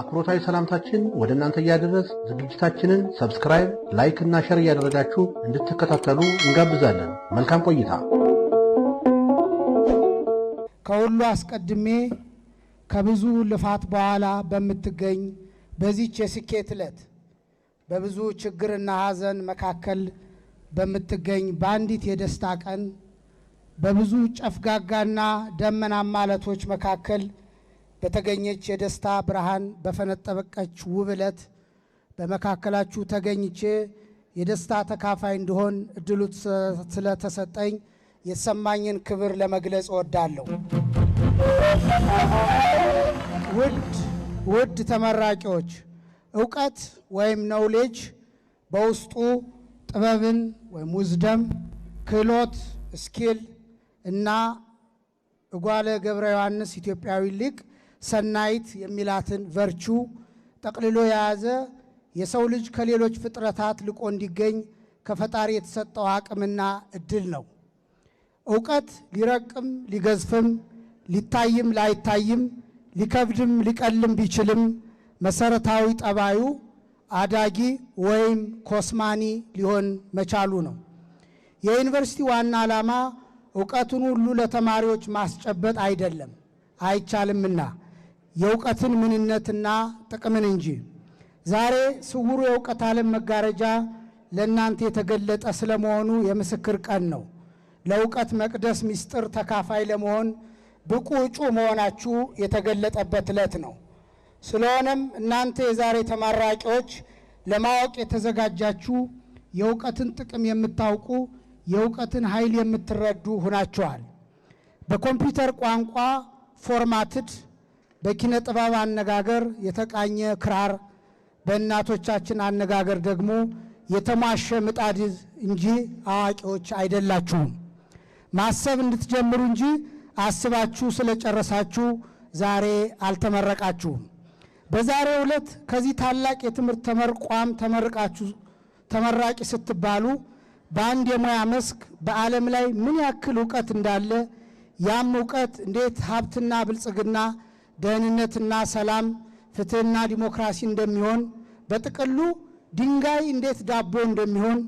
አክብሮታዊ ሰላምታችን ወደ እናንተ እያደረስ ዝግጅታችንን ሰብስክራይብ፣ ላይክ እና ሸር እያደረጋችሁ እንድትከታተሉ እንጋብዛለን። መልካም ቆይታ። ከሁሉ አስቀድሜ ከብዙ ልፋት በኋላ በምትገኝ በዚች የስኬት ዕለት በብዙ ችግርና ሐዘን መካከል በምትገኝ በአንዲት የደስታ ቀን በብዙ ጨፍጋጋና ደመናማ ዕለቶች መካከል በተገኘች የደስታ ብርሃን በፈነጠበቀች ውብ ዕለት በመካከላችሁ ተገኝቼ የደስታ ተካፋይ እንድሆን እድሉ ስለተሰጠኝ የተሰማኝን ክብር ለመግለጽ እወዳለሁ። ውድ ውድ ተመራቂዎች እውቀት ወይም ነውሌጅ በውስጡ ጥበብን ወይም ውዝደም፣ ክህሎት ስኪል እና እጓለ ገብረ ዮሐንስ ኢትዮጵያዊ ሊቅ ሰናይት የሚላትን ቨርቹ ጠቅልሎ የያዘ የሰው ልጅ ከሌሎች ፍጥረታት ልቆ እንዲገኝ ከፈጣሪ የተሰጠው አቅምና እድል ነው። እውቀት ሊረቅም ሊገዝፍም ሊታይም ላይታይም ሊከብድም ሊቀልም ቢችልም መሰረታዊ ጠባዩ አዳጊ ወይም ኮስማኒ ሊሆን መቻሉ ነው። የዩኒቨርሲቲ ዋና ዓላማ እውቀቱን ሁሉ ለተማሪዎች ማስጨበጥ አይደለም፣ አይቻልምና የእውቀትን ምንነትና ጥቅምን እንጂ። ዛሬ ስውሩ የእውቀት ዓለም መጋረጃ ለእናንተ የተገለጠ ስለመሆኑ የምስክር ቀን ነው። ለእውቀት መቅደስ ምስጢር ተካፋይ ለመሆን ብቁ እጩ መሆናችሁ የተገለጠበት ዕለት ነው። ስለሆነም እናንተ የዛሬ ተመራቂዎች ለማወቅ የተዘጋጃችሁ የእውቀትን ጥቅም የምታውቁ የእውቀትን ኃይል የምትረዱ ሁናችኋል። በኮምፒውተር ቋንቋ ፎርማትድ በኪነ ጥበብ አነጋገር የተቃኘ ክራር፣ በእናቶቻችን አነጋገር ደግሞ የተሟሸ ምጣድ እንጂ አዋቂዎች አይደላችሁም። ማሰብ እንድትጀምሩ እንጂ አስባችሁ ስለጨረሳችሁ ዛሬ አልተመረቃችሁም። በዛሬው ዕለት ከዚህ ታላቅ የትምህርት ተመርቋም ተመርቃችሁ ተመራቂ ስትባሉ በአንድ የሙያ መስክ በዓለም ላይ ምን ያክል እውቀት እንዳለ ያም እውቀት እንዴት ሀብትና ብልጽግና ደህንነትና ሰላም፣ ፍትህና ዲሞክራሲ እንደሚሆን በጥቅሉ ድንጋይ እንዴት ዳቦ እንደሚሆን፣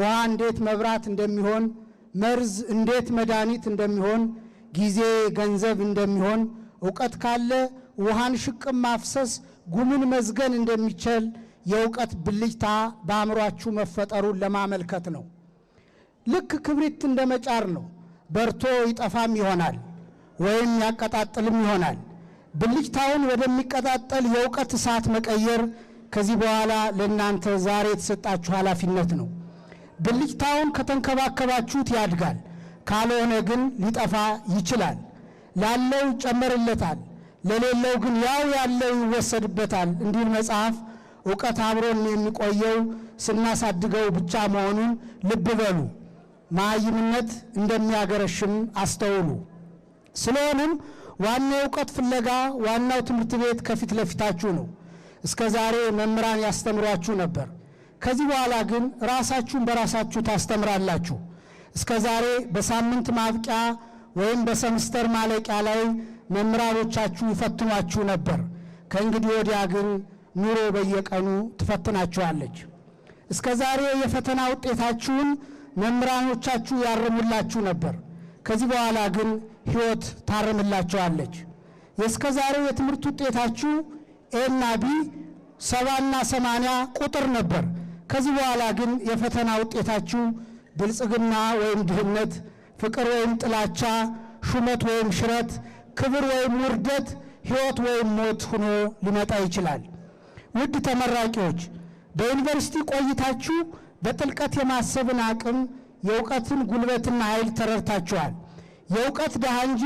ውሃ እንዴት መብራት እንደሚሆን፣ መርዝ እንዴት መድኃኒት እንደሚሆን፣ ጊዜ ገንዘብ እንደሚሆን፣ እውቀት ካለ ውሃን ሽቅም ማፍሰስ ጉምን መዝገን እንደሚችል የእውቀት ብልጭታ በአእምሯችሁ መፈጠሩን ለማመልከት ነው። ልክ ክብሪት እንደ መጫር ነው። በርቶ ይጠፋም ይሆናል ወይም ያቀጣጥልም ይሆናል። ብልጭታውን ወደሚቀጣጠል የእውቀት እሳት መቀየር ከዚህ በኋላ ለእናንተ ዛሬ የተሰጣችሁ ኃላፊነት ነው። ብልጭታውን ከተንከባከባችሁት ያድጋል፣ ካልሆነ ግን ሊጠፋ ይችላል። ላለው ይጨመርለታል፣ ለሌለው ግን ያው ያለው ይወሰድበታል እንዲል መጽሐፍ። እውቀት አብሮን የሚቆየው ስናሳድገው ብቻ መሆኑን ልብ በሉ። መሃይምነት እንደሚያገረሽም አስተውሉ። ስለሆነም ዋናው የእውቀት ፍለጋ ዋናው ትምህርት ቤት ከፊት ለፊታችሁ ነው። እስከ ዛሬ መምህራን ያስተምሯችሁ ነበር። ከዚህ በኋላ ግን ራሳችሁን በራሳችሁ ታስተምራላችሁ። እስከ ዛሬ በሳምንት ማብቂያ ወይም በሰምስተር ማለቂያ ላይ መምህራኖቻችሁ ይፈትኗችሁ ነበር። ከእንግዲህ ወዲያ ግን ኑሮ በየቀኑ ትፈትናችኋለች። እስከ ዛሬ የፈተና ውጤታችሁን መምህራኖቻችሁ ያርሙላችሁ ነበር። ከዚህ በኋላ ግን ህይወት ታርምላቸዋለች። የእስከ ዛሬው የትምህርት ውጤታችሁ ኤና ቢ ሰባና ሰማንያ ቁጥር ነበር። ከዚህ በኋላ ግን የፈተና ውጤታችሁ ብልጽግና ወይም ድህነት፣ ፍቅር ወይም ጥላቻ፣ ሹመት ወይም ሽረት፣ ክብር ወይም ውርደት፣ ህይወት ወይም ሞት ሆኖ ሊመጣ ይችላል። ውድ ተመራቂዎች በዩኒቨርሲቲ ቆይታችሁ በጥልቀት የማሰብን አቅም፣ የእውቀትን ጉልበትና ኃይል ተረድታችኋል። የእውቀት ድሃ እንጂ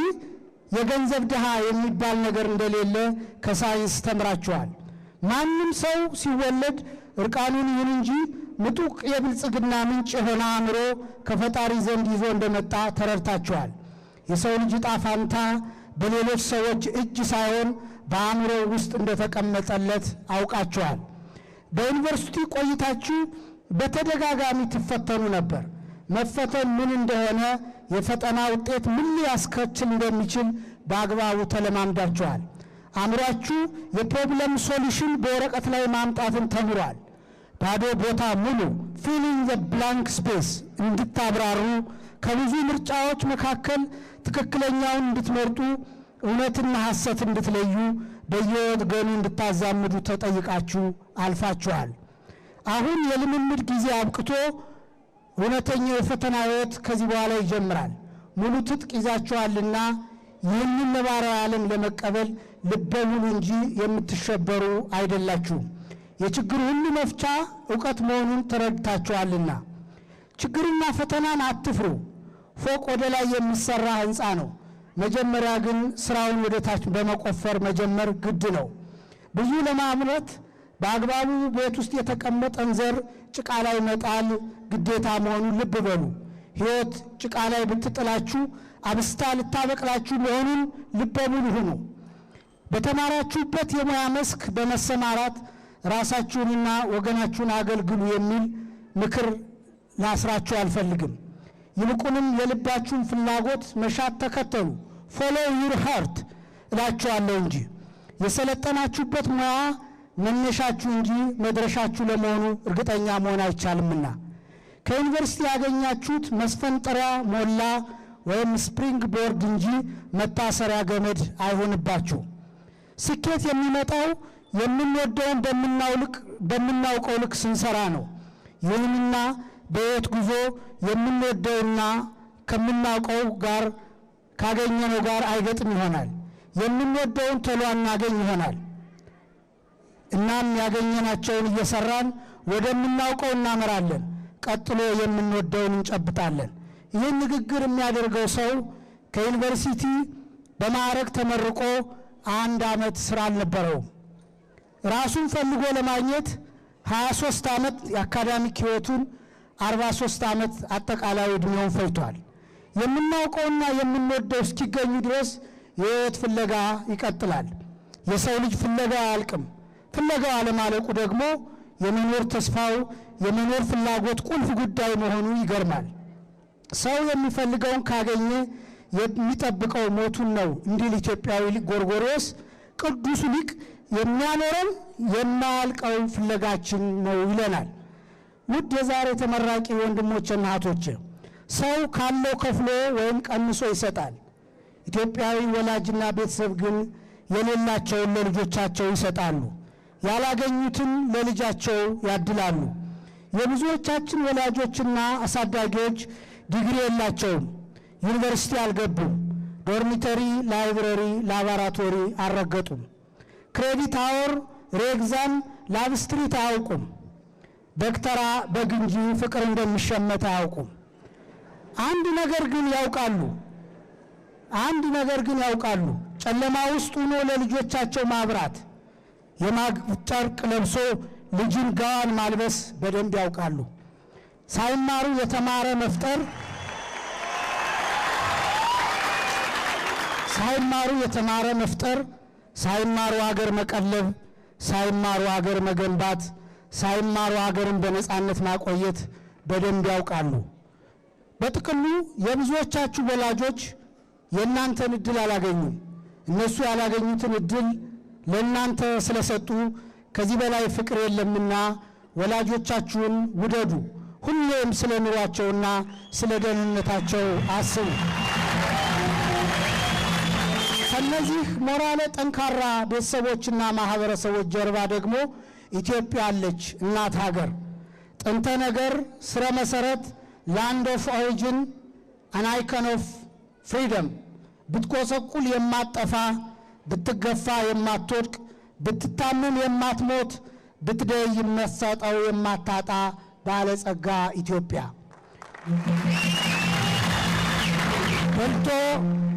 የገንዘብ ድሃ የሚባል ነገር እንደሌለ ከሳይንስ ተምራችኋል። ማንም ሰው ሲወለድ እርቃኑን ይሁን እንጂ ምጡቅ የብልጽግና ምንጭ የሆነ አእምሮ ከፈጣሪ ዘንድ ይዞ እንደመጣ ተረድታችኋል። የሰው ልጅ ዕጣ በሌሎች ሰዎች እጅ ሳይሆን በአእምሮ ውስጥ እንደተቀመጠለት አውቃችኋል። በዩኒቨርሲቲ ቆይታችሁ በተደጋጋሚ ትፈተኑ ነበር። መፈተን ምን እንደሆነ የፈጠና ውጤት ምን ሊያስከትል እንደሚችል በአግባቡ ተለማምዳችኋል። አእምሯችሁ የፕሮብለም ሶሉሽን በወረቀት ላይ ማምጣትን ተምሯል። ባዶ ቦታ ሙሉ ፊሊንግ ዘ ብላንክ ስፔስ እንድታብራሩ ከብዙ ምርጫዎች መካከል ትክክለኛውን እንድትመርጡ እውነትና ሐሰት እንድትለዩ በየወት ገኑ እንድታዛምዱ ተጠይቃችሁ አልፋችኋል። አሁን የልምምድ ጊዜ አብቅቶ እውነተኛው የፈተና ህይወት ከዚህ በኋላ ይጀምራል። ሙሉ ትጥቅ ይዛችኋልና ይህንን ነባራዊ ዓለም ለመቀበል ልበ ሙሉ እንጂ የምትሸበሩ አይደላችሁም። የችግር ሁሉ መፍቻ እውቀት መሆኑን ተረድታችኋልና። ችግርና ፈተናን አትፍሩ። ፎቅ ወደ ላይ የሚሰራ ሕንፃ ነው። መጀመሪያ ግን ስራውን ወደ ታች በመቆፈር መጀመር ግድ ነው። ብዙ ለማምረት በአግባቡ ቤት ውስጥ የተቀመጠን ዘር ጭቃ ላይ መጣል ግዴታ መሆኑን ልብ በሉ። ሕይወት ጭቃ ላይ ብትጥላችሁ አብስታ ልታበቅላችሁ መሆኑን ልበ ሙሉ ሁኑ። በተማራችሁበት የሙያ መስክ በመሰማራት ራሳችሁንና ወገናችሁን አገልግሉ የሚል ምክር ላስራችሁ አልፈልግም። ይልቁንም የልባችሁን ፍላጎት መሻት ተከተሉ። ፎሎ ዩር ሃርት እላችኋለሁ እንጂ የሰለጠናችሁበት ሙያ መነሻችሁ እንጂ መድረሻችሁ ለመሆኑ እርግጠኛ መሆን አይቻልምና ከዩኒቨርሲቲ ያገኛችሁት መስፈንጠሪያ ሞላ ወይም ስፕሪንግ ቦርድ እንጂ መታሰሪያ ገመድ አይሆንባችሁ። ስኬት የሚመጣው የምንወደውን በምናውቀው ልክ ስንሰራ ነው። ይሁንና በሕይወት ጉዞ የምንወደውና ከምናውቀው ጋር ካገኘነው ጋር አይገጥም ይሆናል። የምንወደውን ቶሎ አናገኝ ይሆናል። እናም ያገኘናቸውን እየሰራን ወደምናውቀው እናመራለን፣ ቀጥሎ የምንወደውን እንጨብጣለን። ይህን ንግግር የሚያደርገው ሰው ከዩኒቨርሲቲ በማዕረግ ተመርቆ አንድ ዓመት ስራ አልነበረውም። ራሱን ፈልጎ ለማግኘት 23 ዓመት የአካዳሚክ ህይወቱን 43 ዓመት አጠቃላይ እድሜውን ፈጅቷል። የምናውቀውና የምንወደው እስኪገኙ ድረስ የህይወት ፍለጋ ይቀጥላል። የሰው ልጅ ፍለጋ አያልቅም። ፍለጋው አለማለቁ ደግሞ የመኖር ተስፋው የመኖር ፍላጎት ቁልፍ ጉዳይ መሆኑ ይገርማል። ሰው የሚፈልገውን ካገኘ የሚጠብቀው ሞቱን ነው እንዲል ኢትዮጵያዊ ጎርጎሮስ ቅዱስ ሊቅ የሚያኖረን የማያልቀው ፍለጋችን ነው ይለናል። ውድ የዛሬ ተመራቂ ወንድሞችና እህቶቼ ሰው ካለው ከፍሎ ወይም ቀንሶ ይሰጣል። ኢትዮጵያዊ ወላጅና ቤተሰብ ግን የሌላቸውን ለልጆቻቸው ይሰጣሉ። ያላገኙትን ለልጃቸው ያድላሉ። የብዙዎቻችን ወላጆችና አሳዳጊዎች ዲግሪ የላቸውም፣ ዩኒቨርሲቲ አልገቡም፣ ዶርሚተሪ፣ ላይብረሪ፣ ላቦራቶሪ አልረገጡም፣ ክሬዲት አወር፣ ሬግዛም፣ ላብስትሪት አያውቁም፣ በግተራ በግ እንጂ ፍቅር እንደሚሸመት አያውቁም። አንድ ነገር ግን ያውቃሉ አንድ ነገር ግን ያውቃሉ። ጨለማ ውስጥ ሆኖ ለልጆቻቸው ማብራት የማግ ጨርቅ ለብሶ ልጅን ጋዋን ማልበስ በደንብ ያውቃሉ። ሳይማሩ የተማረ መፍጠር ሳይማሩ የተማረ መፍጠር፣ ሳይማሩ አገር መቀለብ፣ ሳይማሩ አገር መገንባት፣ ሳይማሩ አገርን በነፃነት ማቆየት በደንብ ያውቃሉ። በጥቅሉ የብዙዎቻችሁ ወላጆች የእናንተን እድል አላገኙም። እነሱ ያላገኙትን እድል ለእናንተ ስለሰጡ ከዚህ በላይ ፍቅር የለምና ወላጆቻችሁን ውደዱ። ሁሌም ስለ ኑሯቸውና ስለ ደህንነታቸው አስቡ። ከነዚህ ሞራለ ጠንካራ ቤተሰቦችና ማህበረሰቦች ጀርባ ደግሞ ኢትዮጵያ አለች፣ እናት ሀገር። ጥንተ ነገር፣ ስረ መሰረት፣ ላንድ ኦፍ ኦሪጅን፣ አን አይከን ኦፍ ፍሪደም ብትቆሰቁል የማጠፋ ብትገፋ የማትወድቅ ብትታምም የማትሞት ብትደይ መሰጠው የማታጣ ባለጸጋ ኢትዮጵያ በልቶ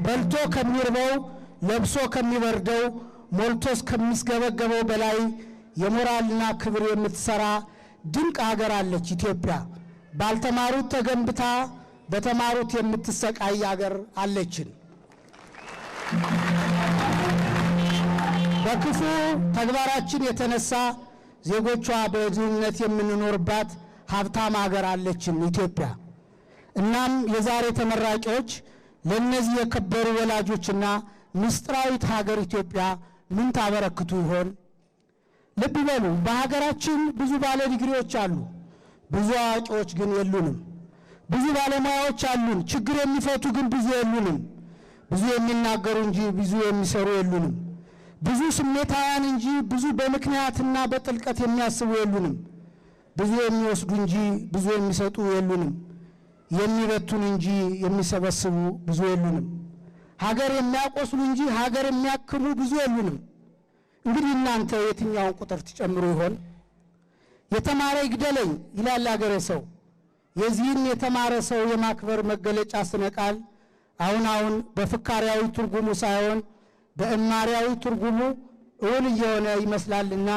በልቶ ከሚርበው ለብሶ ከሚበርደው ሞልቶ እስከሚስገበገበው በላይ የሞራልና ክብር የምትሰራ ድንቅ ሀገር አለች ኢትዮጵያ። ባልተማሩት ተገንብታ በተማሩት የምትሰቃይ አገር አለችን። በክፉ ተግባራችን የተነሳ ዜጎቿ በድህነት የምንኖርባት ሀብታም ሀገር አለችን ኢትዮጵያ። እናም የዛሬ ተመራቂዎች ለእነዚህ የከበሩ ወላጆችና ምስጢራዊት ሀገር ኢትዮጵያ ምን ታበረክቱ ይሆን? ልብ በሉ፣ በሀገራችን ብዙ ባለ ዲግሪዎች አሉ፣ ብዙ አዋቂዎች ግን የሉንም። ብዙ ባለሙያዎች አሉን፣ ችግር የሚፈቱ ግን ብዙ የሉንም። ብዙ የሚናገሩ እንጂ ብዙ የሚሰሩ የሉንም። ብዙ ስሜታውያን እንጂ ብዙ በምክንያትና በጥልቀት የሚያስቡ የሉንም። ብዙ የሚወስዱ እንጂ ብዙ የሚሰጡ የሉንም። የሚበቱን እንጂ የሚሰበስቡ ብዙ የሉንም። ሀገር የሚያቆስሉ እንጂ ሀገር የሚያክሙ ብዙ የሉንም። እንግዲህ እናንተ የትኛውን ቁጥር ትጨምሩ ይሆን? የተማረ ይግደለኝ ይላል አገሬ ሰው። የዚህን የተማረ ሰው የማክበር መገለጫ ስነ ቃል አሁን አሁን በፍካሪያዊ ትርጉሙ ሳይሆን በእማሪያዊ ትርጉሙ እውን እየሆነ ይመስላልና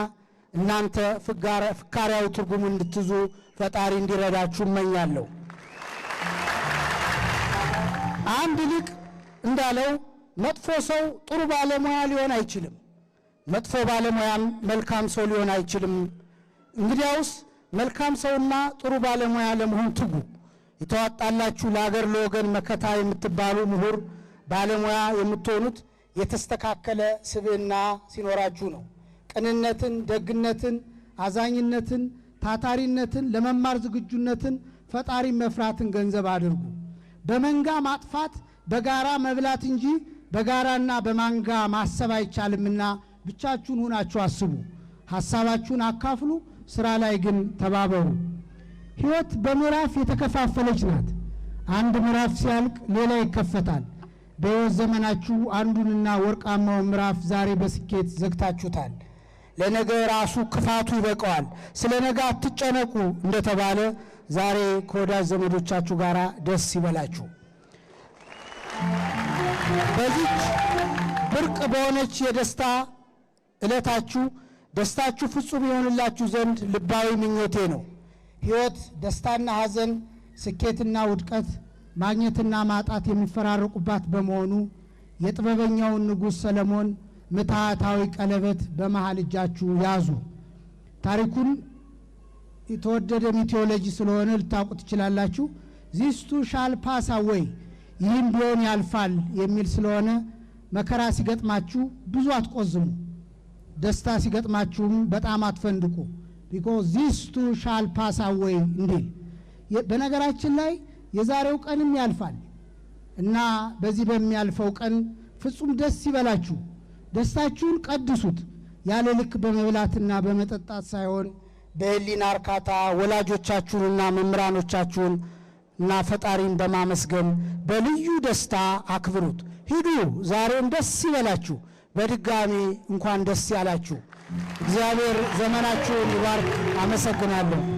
እናንተ ፍካሪያዊ ትርጉሙ እንድትዙ ፈጣሪ እንዲረዳችሁ እመኛለሁ። አንድ ሊቅ እንዳለው መጥፎ ሰው ጥሩ ባለሙያ ሊሆን አይችልም፣ መጥፎ ባለሙያም መልካም ሰው ሊሆን አይችልም። እንግዲያውስ መልካም ሰውና ጥሩ ባለሙያ ለመሆን ትጉ። የተዋጣላችሁ ለአገር ለወገን መከታ የምትባሉ ምሁር ባለሙያ የምትሆኑት የተስተካከለ ስብዕና ሲኖራችሁ ነው። ቅንነትን፣ ደግነትን፣ አዛኝነትን፣ ታታሪነትን፣ ለመማር ዝግጁነትን፣ ፈጣሪ መፍራትን ገንዘብ አድርጉ። በመንጋ ማጥፋት በጋራ መብላት እንጂ በጋራና በማንጋ ማሰብ አይቻልምና ብቻችሁን ሆናችሁ አስቡ። ሀሳባችሁን አካፍሉ፣ ስራ ላይ ግን ተባበሩ። ሕይወት በምዕራፍ የተከፋፈለች ናት። አንድ ምዕራፍ ሲያልቅ ሌላ ይከፈታል። በሕይወት ዘመናችሁ አንዱንና ወርቃማውን ምዕራፍ ዛሬ በስኬት ዘግታችሁታል። ለነገ ራሱ ክፋቱ ይበቀዋል። ስለ ነገ አትጨነቁ እንደተባለ ዛሬ ከወዳጅ ዘመዶቻችሁ ጋር ደስ ይበላችሁ። በዚች ብርቅ በሆነች የደስታ ዕለታችሁ ደስታችሁ ፍጹም ይሆንላችሁ ዘንድ ልባዊ ምኞቴ ነው። ሕይወት ደስታና ሐዘን፣ ስኬትና ውድቀት ማግኘትና ማጣት የሚፈራረቁባት በመሆኑ የጥበበኛውን ንጉሥ ሰለሞን ምትሃታዊ ቀለበት በመሃል እጃችሁ ያዙ። ታሪኩን የተወደደ ሚቴዎሎጂ ስለሆነ ልታውቁ ትችላላችሁ። ዚስቱ ሻል ፓሳ ወይ ይህም ቢሆን ያልፋል የሚል ስለሆነ መከራ ሲገጥማችሁ ብዙ አትቆዝሙ፣ ደስታ ሲገጥማችሁም በጣም አትፈንድቁ። ቢኮ ዚስቱ ሻል ፓሳ ወይ እንዲል በነገራችን ላይ የዛሬው ቀንም ያልፋል እና በዚህ በሚያልፈው ቀን ፍጹም ደስ ይበላችሁ። ደስታችሁን ቀድሱት፣ ያለ ልክ በመብላትና በመጠጣት ሳይሆን በህሊና እርካታ ወላጆቻችሁንና መምህራኖቻችሁን እና ፈጣሪን በማመስገን በልዩ ደስታ አክብሩት። ሂዱ፣ ዛሬም ደስ ይበላችሁ። በድጋሚ እንኳን ደስ ያላችሁ። እግዚአብሔር ዘመናችሁን ይባርክ። አመሰግናለሁ።